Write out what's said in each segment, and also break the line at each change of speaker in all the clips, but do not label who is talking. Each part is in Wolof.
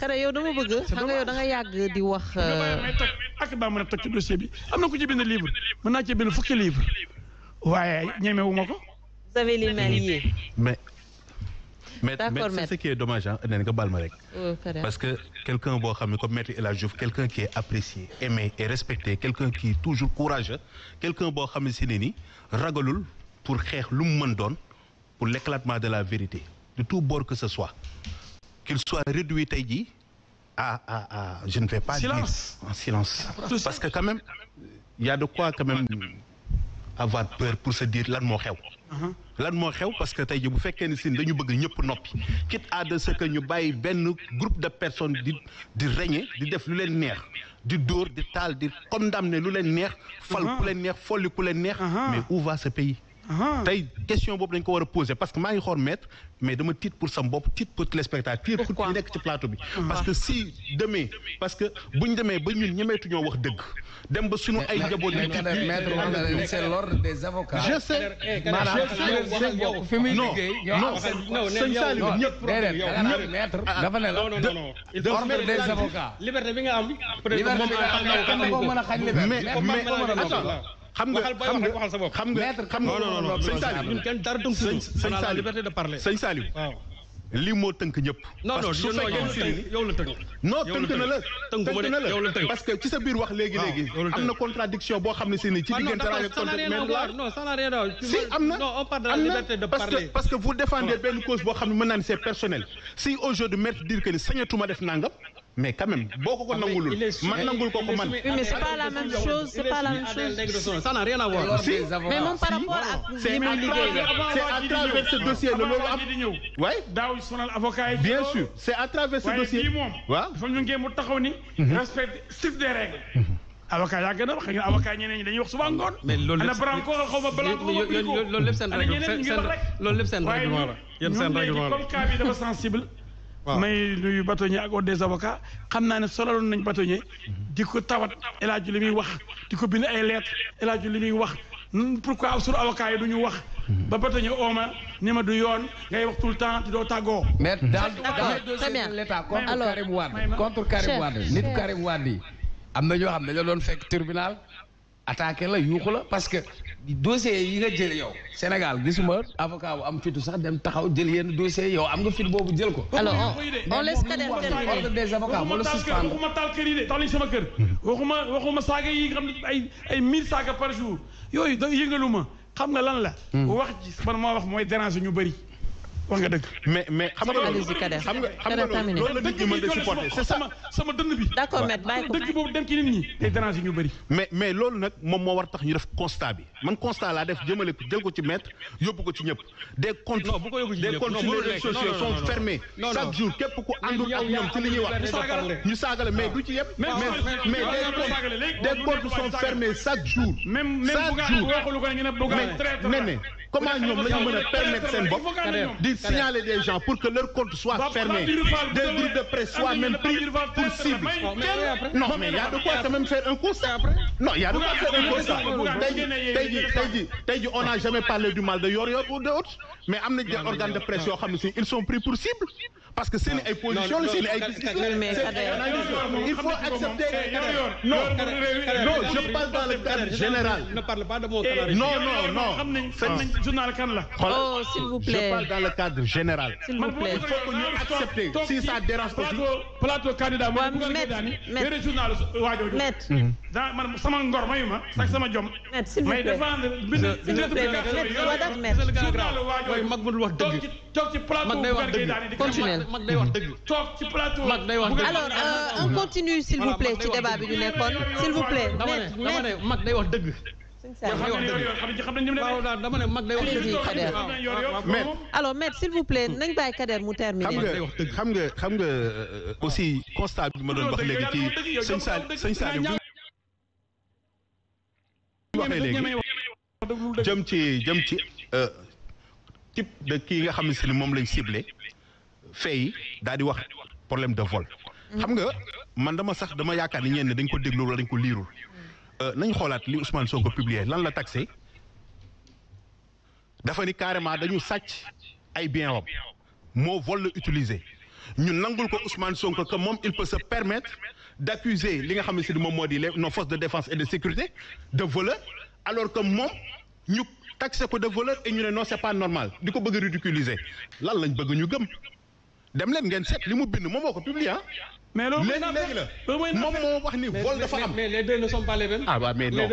Kara yow dama bëgg xam nga yow yàgg di wax. Euh, ak baa mën a takk dossier bi am na ko ci bind livre mën naa ci bind fukki livre waaye ñemewu ma ko. vous mais
mais mais ce qui est dommage ma rek.
Oh, parce
que quelqu'un boo xam ne comme maître El Hadj Diouf quelqu'un qui est apprécié aimé et respecté quelqu'un qui toujours courageux quelqu'un boo xam ne si ne ni ragalul pour xeex lu mu mën doon pour l'éclatement de la vérité de tout bord que ce soit. qu'il soit réduit tey jii à à à je ne vais silence. parce que quand même il y a de quoi quand avoir peur pour sa dire lan moo xew uh-huh. lan moo xew parce que tey ji bu fekkee ni sin dañu bëgg ñëpp noppi quitte à de ce ñu bàyyi benn groupe de personnes di di régner di def lu leen neex di dóor di taal di condamner lu leen neex fal uh-huh. ku leen neex folli ku leen neex uh-huh. mais ou va ce pays tey question boobu dañ ko war a poser parce que maa ngi xool maître mais dama tiit pour sam bopp tiit pour téléspectateur tiit pour ñu plateau bi parce que si demee parce que buñ demee ba ñun ñemeetuñoo wax dëgg dem ba suñu ay njaboot yi tiit maître see l'ordre des avocats je sais eh, eh, non non sëñ Saliou ñëpp ñëpp ah, dafa ne la ordre des avocats
liberté bi nga am peut-être moom mën a xañ liberté mais xam na xam nga waxal sa bopp xam nga xam nga non non sëñ Saliou ñun kenn dara tënk sëñ Saliou liberté de parler sëñ Saliou
waaw lii moo tënk ñëpp non tënk na la tënk na la parce que ci sa biir wax léegi léegi am na contradiction boo xam ne si ni ci ah, diggante rajo
non ça si am na on parle de
de parler parce que vous défendez benn cause boo xam ne mën naa ne personnel si aujourd'hui maître dire que ni sañatuma def nangam mais quand même boo ko ko nangulul man nangul ko ko man. oui mais c'est pas la même chose c'est pas la même chose. ça n'a rien à voir. si mais moom par rapport ak li muy liggéey c'est à travers ce dossier la loolu
am. waay daaw sonal avocat yi. bien sûr c'est à travers ce dossier. waaye bii moom. waaw dafa ñu ngeen mu taxaw ni. Mhm. respect strict des règles. avocat yaa gën a wax xëy na avocat ñeneen ñi dañuy wax suba ngoon. mais loolu lépp ana branco xaw ma blanco xaw ma bico. loolu lépp seen règlement la. waaye ñun léegi comme cas bi dafa sensible. may nuyu bâtonnier ak ordre des avocats xam naa ne solaloon nañ bâtonnier di ko tawat El Hadj li muy wax di ko bind ay lettres El Hadj li muy wax hmm, pourquoi sur avocats yi du ñu wax. Hmm. ba bâtonnier ooma ni ma du yoon ngay wax tout le temps te doo tàggoo. mais hmm. dans dans l'état contre Karim Wade contre Karim Wade nit Karim Wade yi am na ñoo xam ne dañoo doon fekk tribunal. attaqué la yuuxu la parce que dossiers yi nga jël yow Sénégal gisuma avocat bu am fitu sax dem taxaw jël yenn dossiers yow am nga fit boobu jël ko. alors on laisse Kader terminer ordre des avocats moo la suspendre waxuma taal kër yi de taal nañu sama kër. waxuma waxuma saaga yi nga xam ne ay ay mille saaga par jour yooyu da yëngalu ma xam nga lan la. Hmm. wax ji man maa wax mooy déranger ñu bëri. wax nga dëgg mais mais xam nga loolu xam nga xam nga loolu la nit ñi mën de supporter c'est
ci nit ñi nag moom moo war tax ñu def constat bi man constat laa def ko jël ko ci maître yóbbu ko ci ñëpp des comptes des comptes sur les réseaux jour képp ku àndul ak ñoom ci li ñuy wax ñu saagale mais du ci yëpp des comptes sont fermés chaque jour mais ne comment ñoom la mën a permettre seen bopp di Ils signalaient des gens pour que leur compte soit fermé. Des groupes de presse soient même pris pour cible. Non, mais il y a de quoi quand même faire un constat. Non, il y a de quoi faire un constat. tey jii on n'a jamais parlé du mal de Yoor ou d'autres mais am des organes de presse ils sont pris pour cible. parce que seen ay position la seen ay il faut accepter non non je parle dans le cadre général ne parle pas de mon salarié eh, non non non xam nañ ah.
journal kan la oh s'il vous plaît je parle dans le
cadre général s'il vous plaît il faut que ñu
accepter si ça dérange aussi plateau candidat mo bu ngal dani yéré journal waajo mhm. da man sama ngor mayuma ak sama jom may défendre bind mag mu dul wax dëgg toog ci plateau bu ngal dani di continuer mag day wax dëgg. toog ci plateau. mag day wax dëgg alors euh, on continue s'il vous plaît ci débat bi ñu nekkoon s'il vous plaît. maître dama ne mag day wax dëgg. dama ne mag day wax dëgg Kader. alors maître s'il vous plaît nañ bàyyi Kader mu terminer.
xam nga xam nga euh, aussi constat bi ma doon wax léegi ci sëñ Sall sëñ Sall waxee léegi jëm ci jëm ci euh, type de kii nga xam ne si moom lañ ciblé fee yi di wax problème de vol. xam nga man dama sax dama yaakaar ni ñenn dañ ko déglu wala dañ ko liirul. Euh, nañ xoolaat li Ousmane Sonko publier lan la taxé dafa ni carrément dañu sàcc ay bien wam moo vol la utiliser ñu nangul ko Ousmane Sonko que moom il peut se permettre d'accuser li nga xam ni si moom moo di les no forces de défense et de sécurité de voleur alors que moom ñu taxé ko de voleur et ñu ne non c'est pas normal di ko bëgg ridiculiser lan lañ bëgg ñu gëm dem leen ngeen seet li mu bind moom moo ko publié ah. mais loolu léegi la moom moo wax ni vol dafa am mais les deux ne sont pas les mêmes. ah bah mais non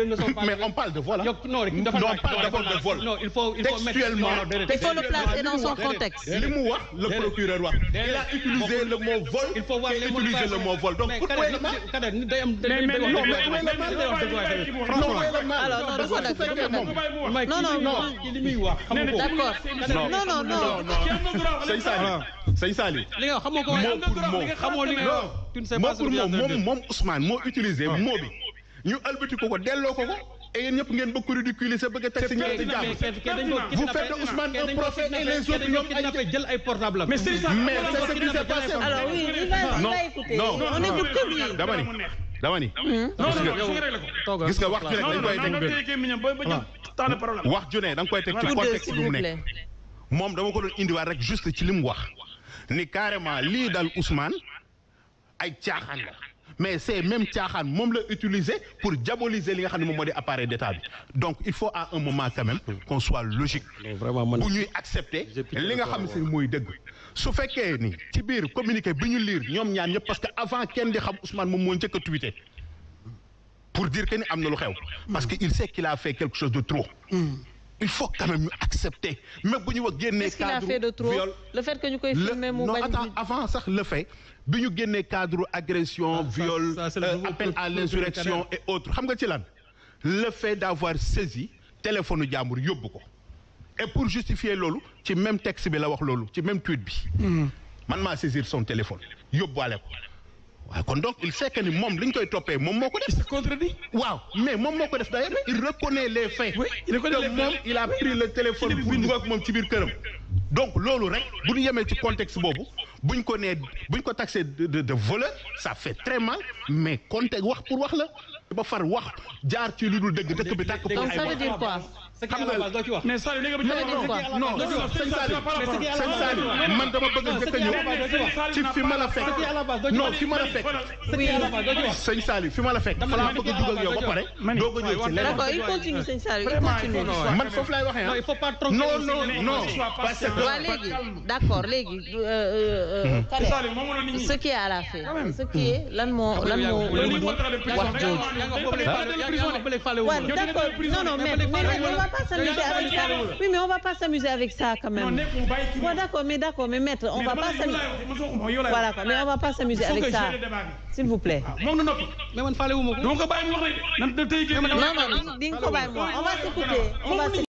mais on parle de vol ah. non on parle d'abord de vol. non il faut il faut textuellement il faut le placer dans son contexte. li mu wax le procureur wax. il a utilisé le mot vol. il faut voir les motivations le mot vol donc pourquoi le mal. day am day mais non mais non non non li muy wax xam nga ko. d'accord non non non. Sey Sali Sey Sali. li nga xamoo ko waaye xamoo li nga. tu moom moom moom Ousmane moo utilisé ah. mot bi ñu albati ko ko delloo ko ko et yéen ngeen bëgg ko ridiculiser bëgg a teg si ngeen di jàmm vous faites Ousmane un prophète et les autres ñoom ay jël ay portable mais c'est ce qui s'est dama ni dama ni gis nga wax ju ne dañ koy teg wax ju ne da koy teg ci contexte bi mu moom dama ko doon indiwaat rek juste ci li mu wax ni carrément lii dal Ousmane ay caaxaan la mais c'est même caaxaan moom la utiliser pour diaboliser li nga xam ne moom moo di appareil d'état bi donc il faut à un moment quand même qu'on soit logique bu ñuy accepter li nga xam si mooy dëgg su fekkee ni ci biir communiqué bi ñu lire ñoom ñaan ñëpp parce que avant kenn di xam Ousmane moom moo njëkk a tweeté pour dire que ni am na lu xew parce que il sait qu'il a fait quelque chose de trop mm. il faut quand même ñu accepter même bu ñu wax génnee viol
le fait que ñu koy
avant sax le fait bi ñu génnee cadre agression ah, viol euh, appel à l'insurrection et autres xam nga ci lan le fait d'avoir saisi téléphone jàmbur yóbbu ko et pour justifier loolu ci même texte bi la wax loolu ci même tweet bi hmm. man ma saisir son téléphone yóbbuwaale ko waaw kon donc il sait ni moom li ñu koy toppee moom moo ko def. il waaw mais moom moo ko def d'ailleurs il reconnaît les faits. oui il reconnaît les faits moom il a pris le téléphone pour dugg ak moom ci biir këram. donc loolu rek bu ñu yemee ci contexte boobu bu ñu ko nee bu ñu ko taxé de de voleur ça fait très mal mais contexte wax pour wax la ba far wax jaar ci lu dul dëgg dëkk bi tàkk. ay wax ça veut xam nga mais Saliou léegi bu non non sëñ Saliou sëñ Saliou man dama bëgg a jëkk a ñëw ci fi ma la fekk non fi ma la fekk sëñ Saliou fi ma la fekk fa laa bëgg a dugal yow ba pare doog a ñëw ci leneen il continue sëñ Saliou il continue man foofu laay waxee non il faut pas tromper non non non parce que waa léegi
d'accord léegi ce qui est à la fin ce qui est lan moo lan moo wax jooju waaw d'accord non non mais va pas s'amuser avec ça. Oui, mais on va pas s'amuser avec ça quand même. Bon, d'accord, mais d'accord, mais maître, on va pas s'amuser. Voilà quoi, on va pas s'amuser avec ça. S'il vous plaît. Non, non, non. Non, non, non. On va s'écouter. On